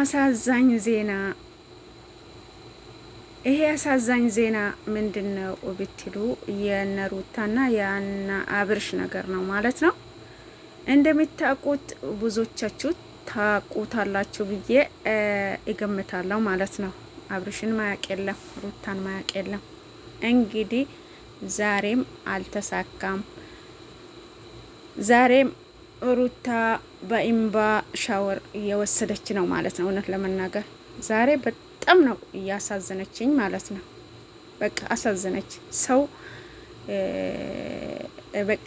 አሳዛኝ ዜና ይሄ አሳዛኝ ዜና ምንድን ነው ብትሉ የነሩታና የአና አብርሽ ነገር ነው ማለት ነው። እንደሚታቁት ብዙዎቻችሁ ታቁታላችሁ ብዬ እገምታለሁ ማለት ነው። አብርሽን ማያቅ የለም፣ ሩታን ማያቅ የለም። እንግዲህ ዛሬም አልተሳካም። ዛሬም ሩታ በኢምባ ሻወር እየወሰደች ነው ማለት ነው። እውነት ለመናገር ዛሬ በጣም ነው እያሳዘነችኝ ማለት ነው። በቃ አሳዘነች። ሰው በቃ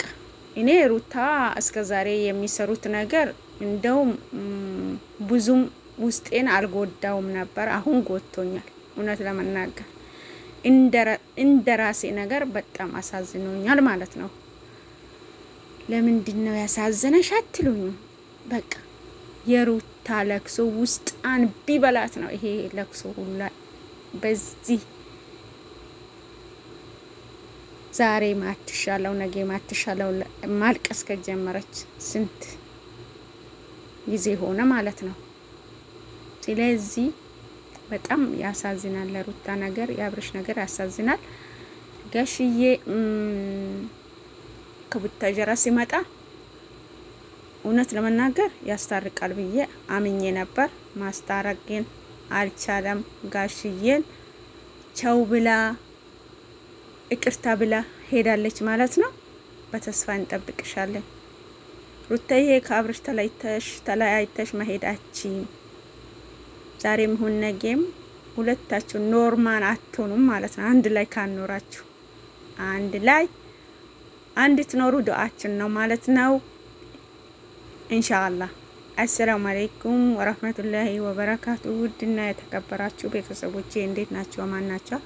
እኔ ሩታ እስከ ዛሬ የሚሰሩት ነገር እንደውም ብዙም ውስጤን አልጎዳውም ነበር። አሁን ጎቶኛል እውነት ለመናገር እንደ ራሴ ነገር በጣም አሳዝኖኛል ማለት ነው። ለምንድን ነው ያሳዘነሽ አትሉኝ። በቃ የሩታ ለቅሶ ውስጥ አንቢ በላት ነው ይሄ ለቅሶ ሁላ። በዚህ ዛሬ ማትሻለው ነገ ማትሻለው ማልቀስ ከጀመረች ስንት ጊዜ ሆነ ማለት ነው። ስለዚህ በጣም ያሳዝናል። ለሩታ ነገር የአብርሽ ነገር ያሳዝናል። ገሽዬ ከቡታጀራ ሲመጣ እውነት ለመናገር ያስታርቃል ብዬ አምኜ ነበር። ማስታረቅ ግን አልቻለም። ጋሽዬን ቸው ብላ ይቅርታ ብላ ሄዳለች ማለት ነው። በተስፋ እንጠብቅሻለን ሩታዬ። ከአብርሽ ተለያይተሽ ተለያይተሽ መሄዳችም ዛሬም ሁን ነገም ሁለታችሁ ኖርማን አትሆኑም ማለት ነው። አንድ ላይ ካኖራችሁ አንድ ላይ እንድትኖሩ ዱዓችን ነው ማለት ነው። ኢንሻአላህ። አሰላሙ አለይኩም ወራህመቱላሂ ወበረካቱ። ውድና የተከበራችሁ ቤተሰቦቼ እንዴት ናቸው? ማን ናቸው?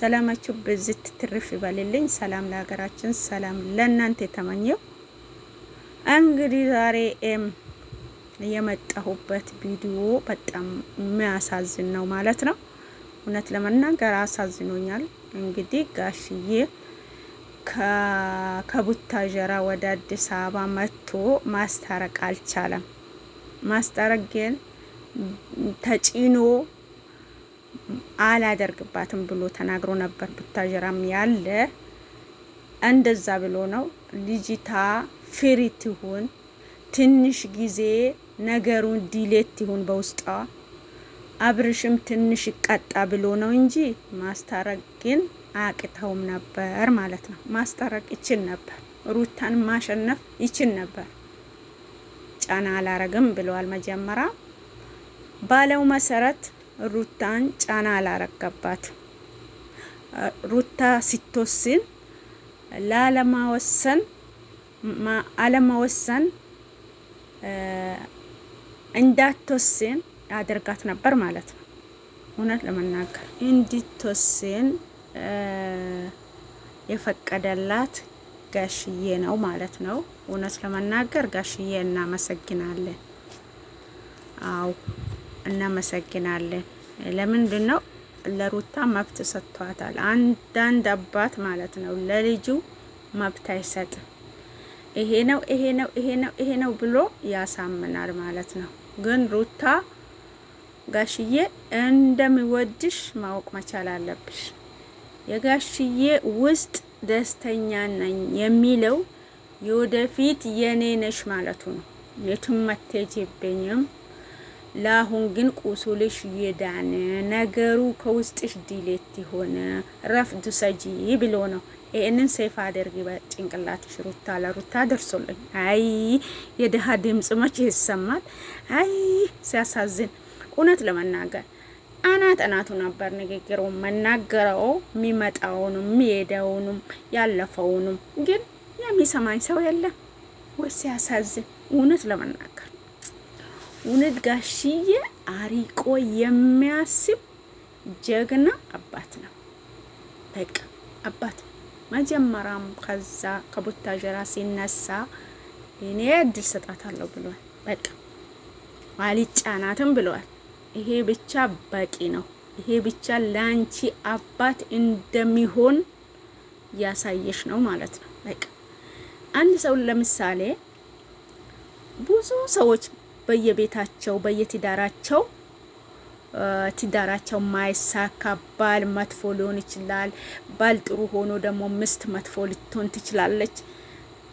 ሰላማችሁ ብዝት ትርፍ ይበልልኝ። ሰላም ለሀገራችን፣ ሰላም ለእናንተ የተመኘው እንግዲህ ዛሬ የመጣሁበት ቪዲዮ በጣም የሚያሳዝን ነው ማለት ነው። እውነት ለመናገር አሳዝኖኛል። እንግዲህ ጋሽዬ ከቡታጀራ ወደ አዲስ አበባ መጥቶ ማስታረቅ አልቻለም። ማስታረቅ ግን ተጭኖ አላደርግባትም ብሎ ተናግሮ ነበር። ቡታጀራም ያለ እንደዛ ብሎ ነው። ልጅታ ፍሪ ትሁን፣ ትንሽ ጊዜ ነገሩን ዲሌት ይሁን በውስጧ አብርሽም ትንሽ ይቃጣ ብሎ ነው እንጂ ማስታረቅ ግን አቅተውም ነበር ማለት ነው። ማስታረቅ ይችል ነበር፣ ሩታን ማሸነፍ ይችል ነበር። ጫና አላረግም ብለዋል። መጀመሪያ ባለው መሰረት ሩታን ጫና አላረገባት። ሩታ ስትወስን ላለማወሰን አለማወሰን እንዳትወስን አድርጋት ነበር ማለት ነው። እውነት ለመናገር እንዲትወስን የፈቀደላት ጋሽዬ ነው ማለት ነው። እውነት ለመናገር ጋሽዬ እናመሰግናለን። አው እናመሰግናለን። ለምንድን ነው ለሩታ መብት ሰጥቷታል። አንዳንድ አባት ማለት ነው ለልጁ መብት አይሰጥም። ይሄ ነው ይሄ ነው ይሄ ነው ይሄ ነው ብሎ ያሳምናል ማለት ነው። ግን ሩታ ጋሽዬ እንደሚወድሽ ማወቅ መቻል አለብሽ። የጋሽዬ ውስጥ ደስተኛ ነኝ የሚለው የወደፊት የኔ ነሽ ማለቱ ነው። የትም አትሄጂብኝም። ለአሁን ግን ቁሱልሽ ይዳን፣ ነገሩ ከውስጥሽ ዲሌት ሆነ ረፍድ ሰጂ ብሎ ነው። ይህንን ሰይፍ አድርጊ በጭንቅላትሽ። ሩታ ለሩታ ደርሶልኝ። አይ የድሃ ድምጽ መቼ ይሰማል? አይ ሲያሳዝን እውነት ለመናገር አናት አናቱ ነበር ንግግሩ መናገረው የሚመጣውንም የሚሄደውንም ያለፈውንም ግን የሚሰማኝ ሰው የለም ወይ ሲያሳዝን እውነት ለመናገር እውነት ጋሽዬ አሪቆ የሚያስብ ጀግና አባት ነው በቃ አባት መጀመሪያም ከዛ ከቡታጀራ ሲነሳ እኔ እድል ሰጣታለሁ ብሏል በቃ አልጫናትም ብለዋል። ይሄ ብቻ በቂ ነው። ይሄ ብቻ ለአንቺ አባት እንደሚሆን ያሳየሽ ነው ማለት ነው። በቃ አንድ ሰው ለምሳሌ ብዙ ሰዎች በየቤታቸው በየትዳራቸው ትዳራቸው ማይሳካ ባል መጥፎ ሊሆን ይችላል። ባል ጥሩ ሆኖ ደግሞ ምስት መጥፎ ልትሆን ትችላለች።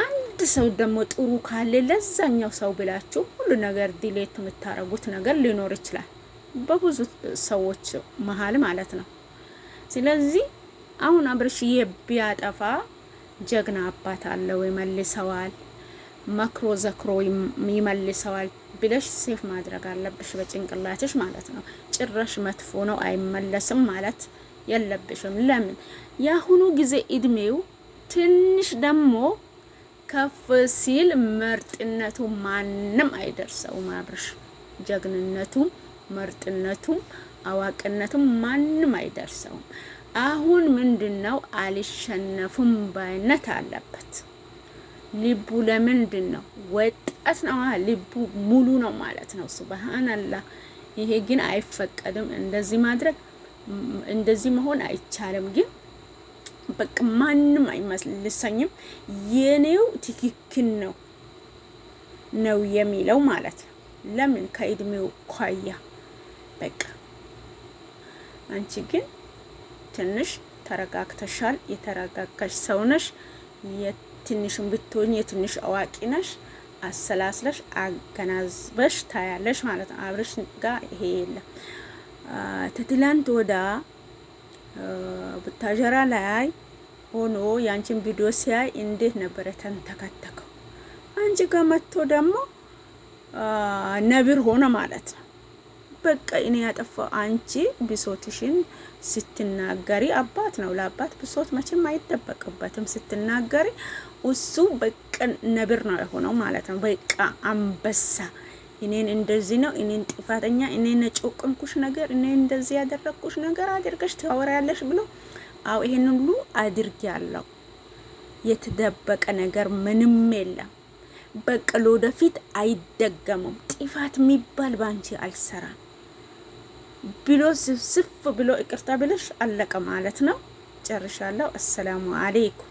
አንድ ሰው ደግሞ ጥሩ ካለ ለዛኛው ሰው ብላችሁ ሁሉ ነገር ዲሌት የምታረጉት ነገር ሊኖር ይችላል። በብዙ ሰዎች መሀል ማለት ነው። ስለዚህ አሁን አብርሽ የቢያጠፋ ጀግና አባት አለው፣ ይመልሰዋል። መክሮ ዘክሮ ይመልሰዋል ብለሽ ሴፍ ማድረግ አለብሽ በጭንቅላትሽ ማለት ነው። ጭራሽ መጥፎ ነው አይመለስም ማለት የለብሽም። ለምን የአሁኑ ጊዜ እድሜው ትንሽ ደግሞ ከፍ ሲል ምርጥነቱ ማንም አይደርሰውም። አብርሽ ጀግንነቱ ምርጥነቱም አዋቅነቱም ማንም አይደርሰውም። አሁን ምንድነው አልሸነፉም ባይነት አለበት ልቡ። ለምንድን ነው ወጣት ነው ልቡ ሙሉ ነው ማለት ነው። ሱብሃንአላህ። ይሄ ግን አይፈቀድም። እንደዚህ ማድረግ እንደዚህ መሆን አይቻልም። ግን በቃ ማንም አይመስልሰኝም የኔው ትክክል ነው ነው የሚለው ማለት ነው። ለምን ከእድሜው ኳያ በቃ አንቺ ግን ትንሽ ተረጋግተሻል። የተረጋጋሽ ሰው ነሽ። የትንሽም ብትሆኝ የትንሽ አዋቂ ነሽ። አሰላስለሽ አገናዝበሽ ታያለሽ ማለት ነው። አብረሽ ጋር ይሄ የለም። ተትላንት ወዳ ቡታጀራ ላይ ሆኖ የአንቺን ቪዲዮ ሲያይ እንዴት ነበረ ተንተከተከው። አንቺ ጋር መጥቶ ደግሞ ነብር ሆነ ማለት ነው። በቃ እኔ ያጠፋው አንቺ ብሶትሽን ስትናገሪ አባት ነው። ለአባት ብሶት መቼም አይደበቅበትም። ስትናገሪ እሱ በቃ ነብር ነው የሆነው ማለት ነው። በቃ አንበሳ እኔን እንደዚህ ነው እኔን ጥፋተኛ እኔን ጨቆንኩሽ ነገር እኔን እንደዚህ ያደረግኩሽ ነገር አድርገሽ ታወሪያለሽ ብሎ አው ይሄን ሁሉ አድርግ ያለው የተደበቀ ነገር ምንም የለም። በቀሎ ወደፊት አይደገሙም። ጥፋት የሚባል ባንቺ አልሰራም። ብሎ ስፍስፍ ብሎ ይቅርታ ብለሽ አለቀ ማለት ነው። ጨርሻለሁ። አሰላሙ አሌይኩም